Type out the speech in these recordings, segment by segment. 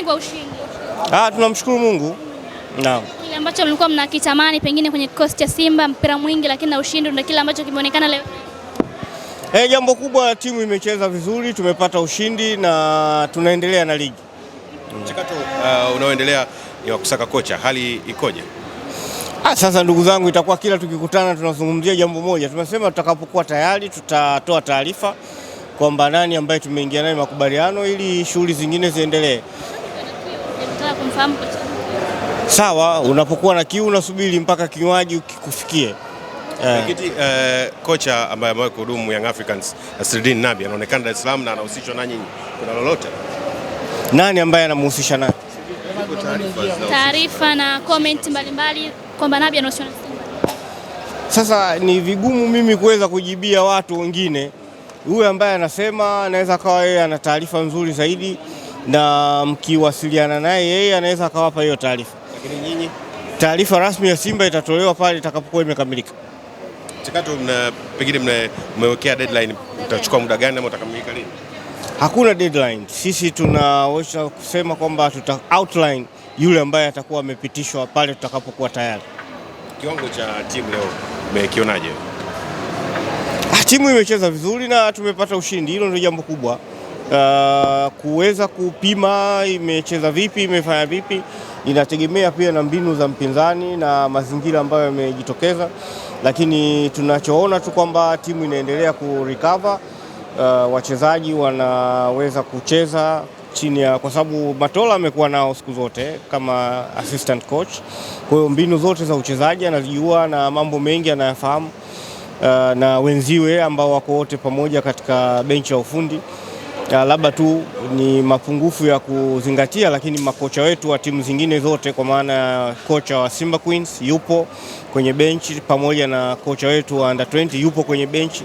gani kwa ushindi? Ah, tunamshukuru Mungu. Naam. Kile ambacho mlikuwa mnakitamani pengine kwenye kikosi cha Simba mpira mwingi, lakini na ushindi ndio kile ambacho kimeonekana leo. Eh, jambo kubwa, timu imecheza vizuri, tumepata ushindi na tunaendelea na ligi. Mchakato uh, unaoendelea ni wa kusaka kocha, hali ikoje? Ah, sasa ndugu zangu, itakuwa kila tukikutana tunazungumzia jambo moja. Tumesema tutakapokuwa tayari tutatoa taarifa kwamba nani ambaye tumeingia naye makubaliano ili shughuli zingine ziendelee. Nafahamu sawa, unapokuwa na kiu unasubiri mpaka kinywaji kikufikie. Lakini eh. yeah. eh, kocha ambaye amewahi kuhudumu Young Africans Nasreddine Nabi anaonekana Dar es Salaam na anahusishwa na nyinyi, kuna lolote? Nani ambaye anamhusisha naye? Taarifa na comment mbalimbali kwamba Nabi anahusishwa na Simba. Sasa ni vigumu mimi kuweza kujibia watu wengine. Huyu ambaye anasema anaweza kawa yeye ana taarifa nzuri zaidi na mkiwasiliana naye yeye anaweza akawapa hiyo taarifa, lakini nyinyi taarifa rasmi ya Simba itatolewa pale itakapokuwa imekamilika mchakato. Mna pengine mmewekea deadline, utachukua muda gani ama utakamilika lini? Hakuna deadline, sisi tunaweza kusema kwamba tuta outline yule ambaye atakuwa amepitishwa pale tutakapokuwa tayari. Kiwango cha timu leo umekionaje? Ah, timu imecheza vizuri na tumepata ushindi, hilo ndio jambo kubwa uh, kuweza kupima imecheza vipi, imefanya vipi, inategemea pia na mbinu za mpinzani na mazingira ambayo yamejitokeza, lakini tunachoona tu kwamba timu inaendelea kurecover. Uh, wachezaji wanaweza kucheza chini ya, kwa sababu Matola amekuwa nao siku zote kama assistant coach, kwa hiyo mbinu zote za uchezaji anazijua na mambo mengi anayafahamu, uh, na wenziwe ambao wako wote pamoja katika benchi ya ufundi. Ah, labda tu ni mapungufu ya kuzingatia, lakini makocha wetu wa timu zingine zote kwa maana ya kocha wa Simba Queens yupo kwenye benchi pamoja na kocha wetu wa Under 20 yupo kwenye benchi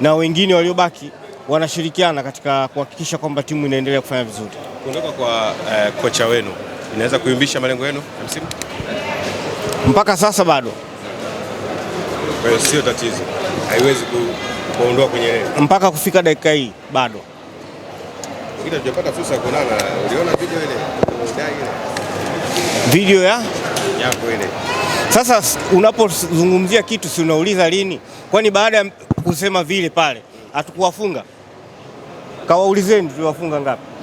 na wengine waliobaki wanashirikiana katika kuhakikisha kwamba timu inaendelea kufanya vizuri. Kuondoka kwa eh, kocha wenu inaweza kuyumbisha malengo yenu ya msimu? Mpaka sasa bado. Kwa hiyo sio tatizo, haiwezi kuondoa kwenye mpaka kufika dakika hii bado ila tujapata fursa ya kuonana. Uliona video ile ile video ya yako ile. Sasa unapozungumzia kitu si unauliza lini? Kwani baada ya kusema vile pale hatukuwafunga? Kawaulizeni tuliwafunga ngapi?